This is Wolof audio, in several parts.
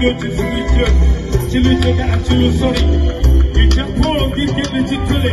jóge ci lu jëm ci lu jóge ak ci lu sori ñu jàppoo ngir génn ci tële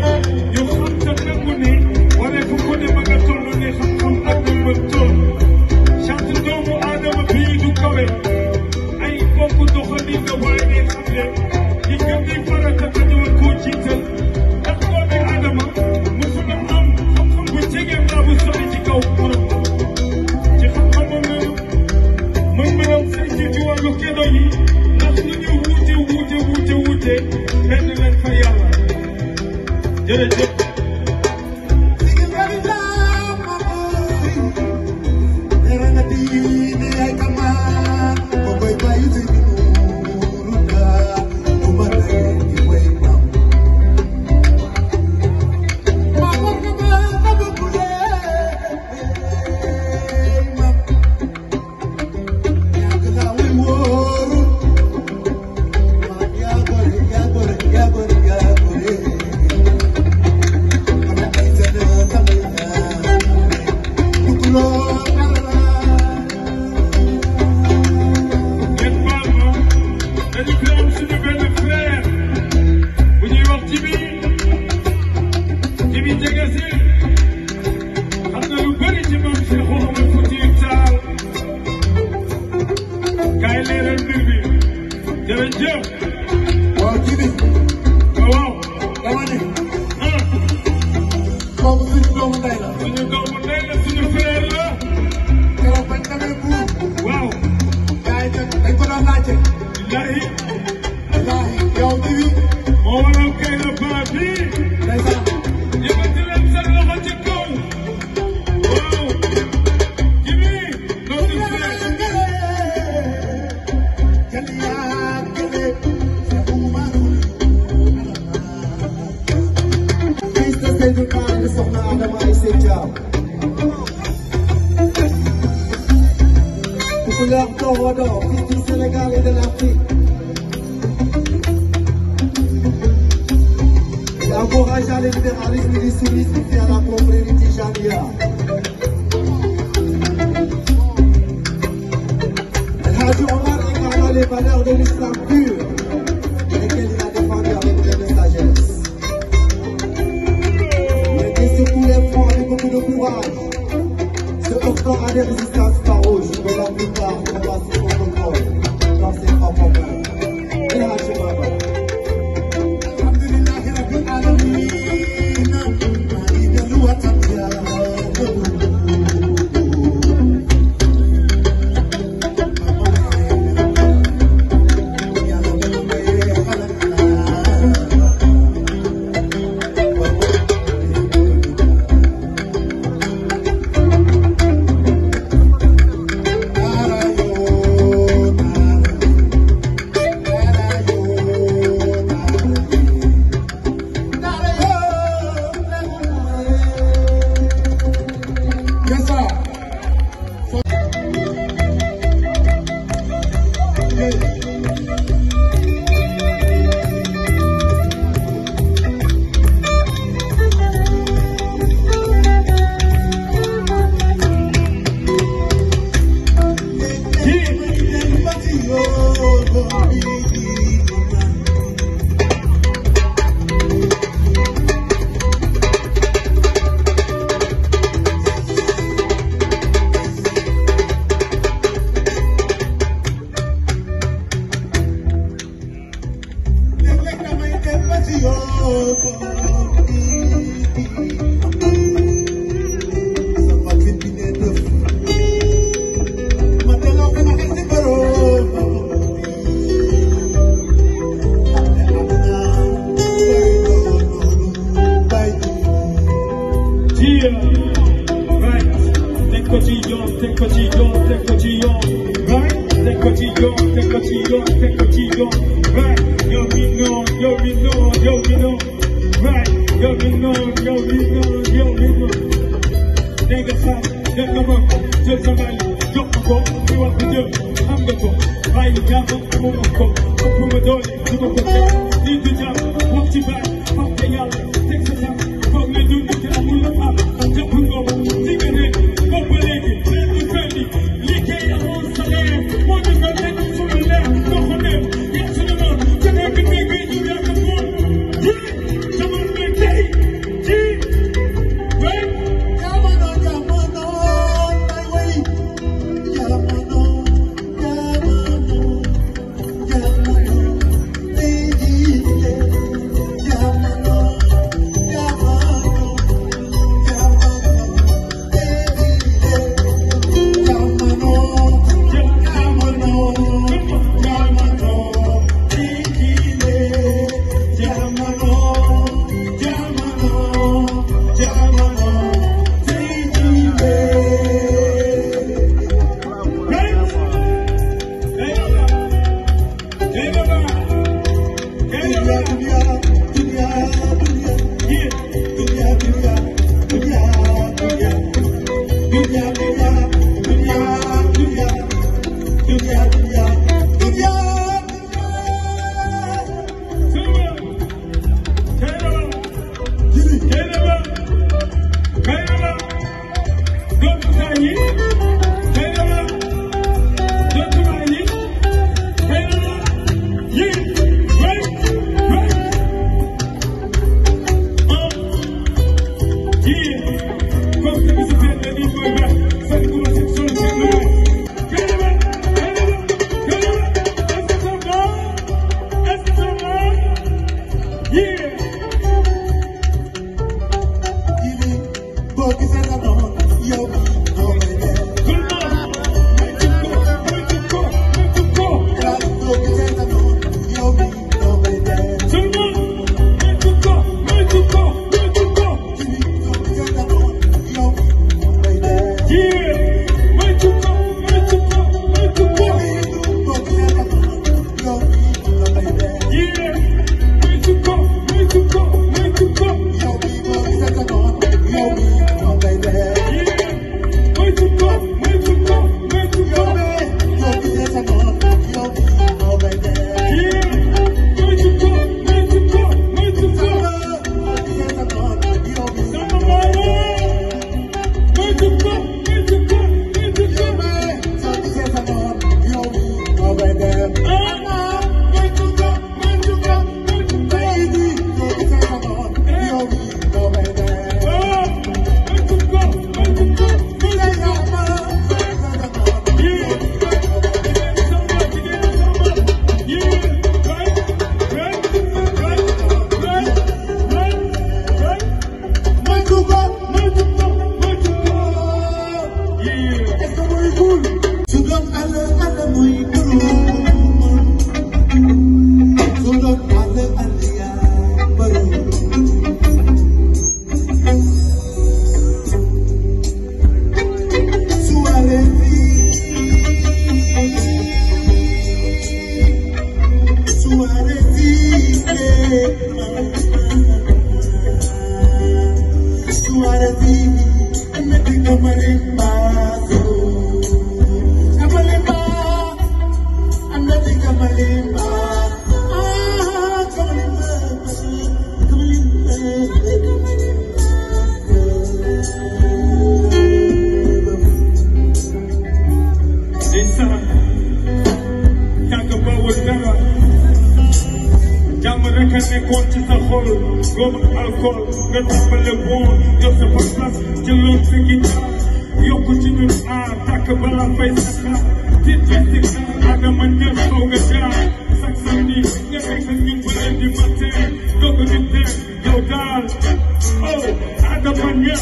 suñu benn frère bu ñuy wax Jibi Jibi jege si xam na lu bëri ci moom Cheikh Oumar Foutiyou Tall kaay leeral mbir bi jërëjëf waaw Jibi waaw dama ni ah kooku suñu doomu ndey la suñu doomu ndey la suñu frère la keroog bañ demee buur waaw gaay dañ ko doon laajte Seydiam ku ku laax tooxoo doo fii ci Sénégal et de l'Afrique il encourage le libéralisme et le civisme vers la confrérie Tijaniya El Hadji Omar incarna les valeurs de l'islam pur Thank you. am nga ko bàyyi jàpp moom ak bu ma doole du ma ko teg lii du jàpp wax ci baat wax te yàlla teg sa xam foog gëm alcool nga tàmbale woon jot sa pas-pas jëloon sa guitare yokku ci ñun aar tàkk balaa fay sa xaar di testi adama ñëw xaw nga jaar sax sax ni nga nekk ñu bëre di matin doog di teel yow daal oh adama ñëw